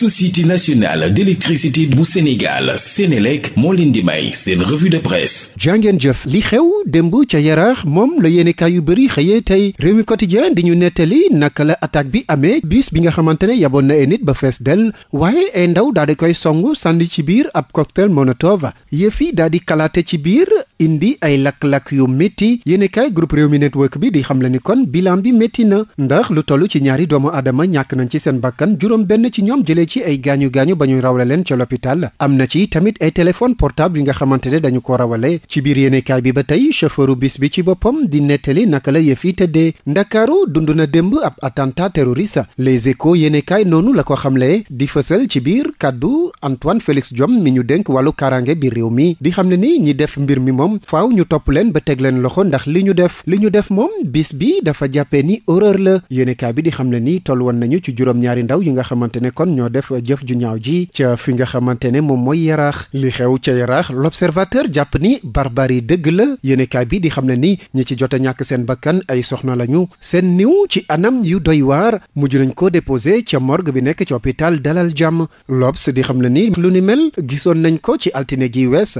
société nationale d'électricité bu Sénégal Sénélec moo leen di may seen revue de presse jàngeen jëf li xew démb ca yaraax moom la yéenekaay yu bëri xëyee tey réew mi quotidien di ñu nettali naka la attaque bi amee bus bi nga xamante ne yaboon na ay nit ba fees del waaye ay ndaw daal di koy songu sànni ci biir ab cocktail Molotov yëf yi daal di kalaate ci biir indi ay lakk-lakk yu métti yéenekaay groupe réew mi network bi di xamle ni kon bilan bi métti na ndax lu toll ci ñaari doomu aadama ñàkk nañ ci seen bakkan juróom benn ci ñoom jëlee ci ay gaañu gaañu ba ñu rawale leen ca l'hôpital am na ci tamit ay téléphone portable yi nga xamante ne dañu ko rawale ci biir yenekaay bi ba tey chauffeuru bis bi ci boppam di nettali naka la yëf yi tëddee ndakaaru dund na démb ab attentat terroriste les échos yéenekaay noonu la ko xamle di fësal ci biir kàddu Antoine Félix Diome mi ñu dénk wàllu kaaraange biir réew mi di xam ne ni ñi def mbir mi moom ñoom faaw ñu topp leen ba teg leen loxo ndax li ñu def li ñu def moom bis bi dafa jàppee ni horreur la yéenekaay bi di xam ne ni toll woon nañu ci juróom-ñaari ndaw yi nga xamante ne kon ñoo def jëf ju ñaaw ji ca fi nga xamante ne moom mooy yaraax li xew ca yaraax l'observateur jàpp ni barbarie dëgg la yéenekaay bi di xam ne ni ñi ci jot ñàkk seen bakkan ay soxna lañu seen niw ci anam yu doy waar mujj nañ ko déposé ca morgue bi nekk ci hôpital Dalal Jàmm L'Obs di xam ne ni lu ni nañ ko ci altine gi wees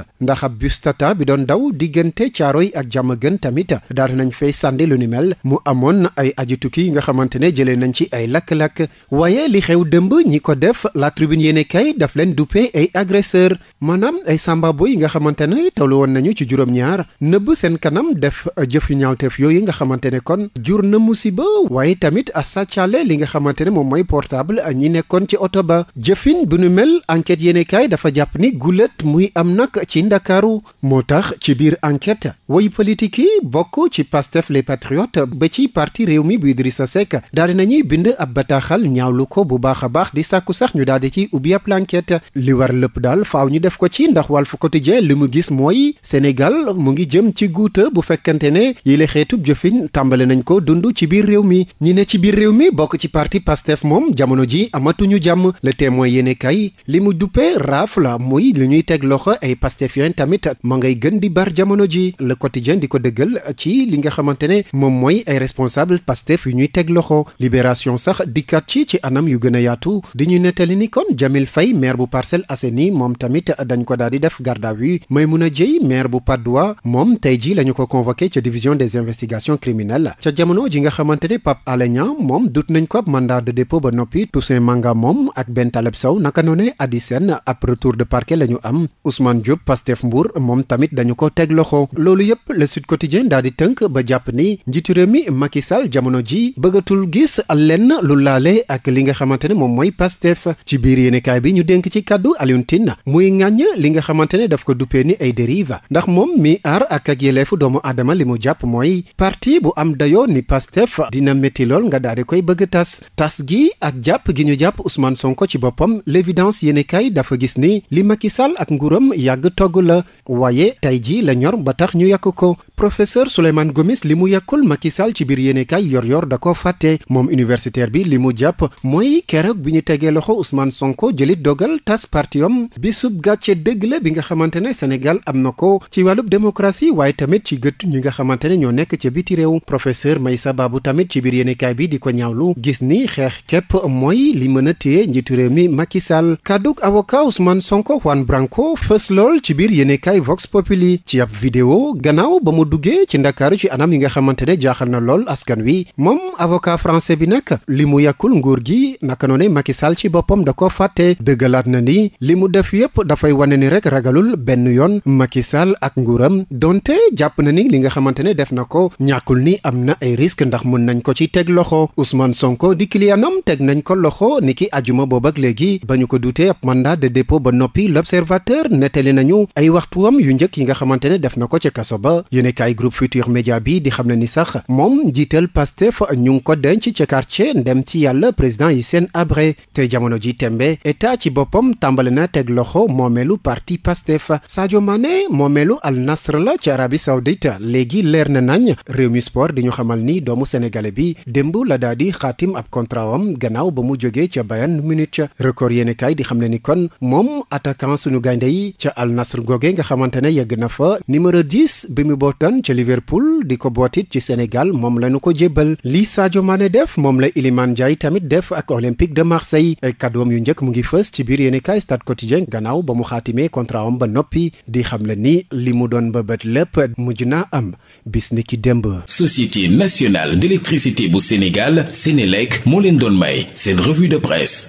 taxaw diggante caaroy ak jàmm gën tamit daal nañ fay sànni lu ni mel mu amoon ay aji yi nga xamante ne jëlee nañ ci ay lakk-lakk waaye li xew dëmb ñi ko def la tribune yéene kay daf leen duppee ay agresseur maanaam ay sàmbaabo yi nga xamante ne tawlu woon nañu ci juróom-ñaar nëbb seen kanam def jëf yu ñaawteef yooyu nga xamante ne kon jur na musiba waaye tamit a sàccaale li nga xamante ne moom mooy portable ñi nekkoon ci oto ba jëfin bu nu mel enquête yéene kay dafa jàpp ni gulet muy am nag ci biir enquête woyu politique yi bokk ci Pastef les patriotes ba ci parti réew mi bu Idrissa Seck daal di nañuy bind ab bataaxal ñaawlu ko bu baax a baax di sàkku sax ñu daal di ci ubbi ab enquête li war lépp daal faaw ñu def ko ci ndax Walf Quotidien li mu gis mooy Sénégal mu ngi jëm ci guuta bu fekkante ne yi la xeetub jëfin tàmbale nañ ko dund ci biir réew mi ñi ne ci biir réew mi bokk ci parti Pastef moom jamono ji amatuñu jàmm le témoin yéene kay li li ñuy teg loxo ay Pastef xibaar jamono ji le quotidien di ko dëggal ci li nga xamante ne moom mooy ay responsable pastef yu ñuy teg loxo libération sax dikkat ci ci anam yu gën a yaatu di ñu nettali ni kon Jamil Faye maire bu Parcelles Assainies moom tamit dañ ko daal di def garde à vue Maimouna Dieye maire bu Patte d'Oie moom tey ji la ñu ko convoqué ca division des investigations criminelles ca jamono ji nga xamante ne Pape Alé Niang moom dut nañ ko ab mandat de dépôt ba noppi Toussaint Manga moom ak Ben Taleb Sow naka de parquet la ñu am ko teg loxo loolu yëpp le Sud Quotidien daal di tënk ba jàpp ni njiitu réew mi Macky Sall jamono ji bëggatul gis lenn lu laale ak li nga xamante ne moom mooy Pastef ci biir yéenekaay bi ñu denk ci kàddu Alioune Tine muy ŋàññ li nga xamante ne daf ko duppee ni ay dérive ndax moom mii aar ak ak yeleefu doomu aadama li mu jàpp mooy parti bu am dayoo ni Pastef dina métti lool nga daal di koy bëgg tas tas gi ak jàpp gi ñu jàpp Ousmane Sonko ci boppam l'évidence yéenekaay dafa gis ni li Macky Sall ak yàgg togg la waaye ji la ñor ba tax ñu yàq ko professeur Souleymane Gomis li mu yàqul Macky Sall ci biir yéenekaay yor-yor da ko fàtte moom universitaire bi li mu jàpp mooy keroog bi ñu tegee loxo Ousmane Sonko jëli dogal tas partiom bi sub gàcce dëgg la bi nga xamante ne Sénégal am na ko ci wàllub démocratie waaye tamit ci gët ñi nga xamante ne ñoo nekk ca biti réew professeur Maïssa Babou tamit ci biir yéenekaay bi di ko ñaawlu gis ni xeex képp mooy li mën a téye njiitu réew mi Macky Sall kàddug avocat Ousmane Sonko ci ab vidéo gannaaw ba mu duggee ci ndakaaru ci anam yi nga xamante ne jaaxal na lool askan wi moom avocat français bi nag li mu yàkkul nguur gi naka noone Macky Sall ci boppam da ko fàtte dëggalaat na ni li mu def yépp dafay wane ni rek ragalul benn yoon Macky Sall ak nguuram donte jàpp na ni li nga xamante ne def na ko ñàkkul ni am na ay risque ndax mën nañ ko ci teg loxo Ousmane Sonko di kiliyaanam teg nañ ko loxo ni ki ajuma boobu ak léegi ba ñu ko duutee ab mandat de ba noppi l'observateur nettali nañu ay waxtuwam yu njëkk yi nga xam xamante ne def na ko ci kaso ba yéenekaay groupe Futur Média bi di xam ne ni sax moom njiital Pastef ñu ngi ko denc ci quartier ndem ci yàlla président Hissène Habré te jamono ji tembe na teg loxo moomeelu parti Pastef Sadio Mané moomeelu Al Nasr la ci Arabie Saoudite léegi leer na nañ Rewmi Sport di ñu xamal ni doomu sénégalais bi démb la daal di xaatim ab contrat am gannaaw ba mu jógee ca Bayern Munich record yéenekaay di xam ne ni kon moom attaquant suñu gaynde yi ca Al Nasr goge nga xamante ne yegg na fa fa numéro 10 bi mu bootan ca Liverpool di ko bootit ci Sénégal moom la ñu ko jébbal li Sadio Mané def moom la Iliman Ndiaye tamit def ak Olympique de Marseille eh, kàddoom yu njëkk mu ngi fës ci biir yéenekaay Stade Quotidien gannaaw ba mu xaatimee contrat am ba noppi di xam la ni li mu doon bëbët lépp mujj na am bis ni ki démb. Société nationale d'électricité bu Sénégal Sénélec moo leen doon may seen revue de presse.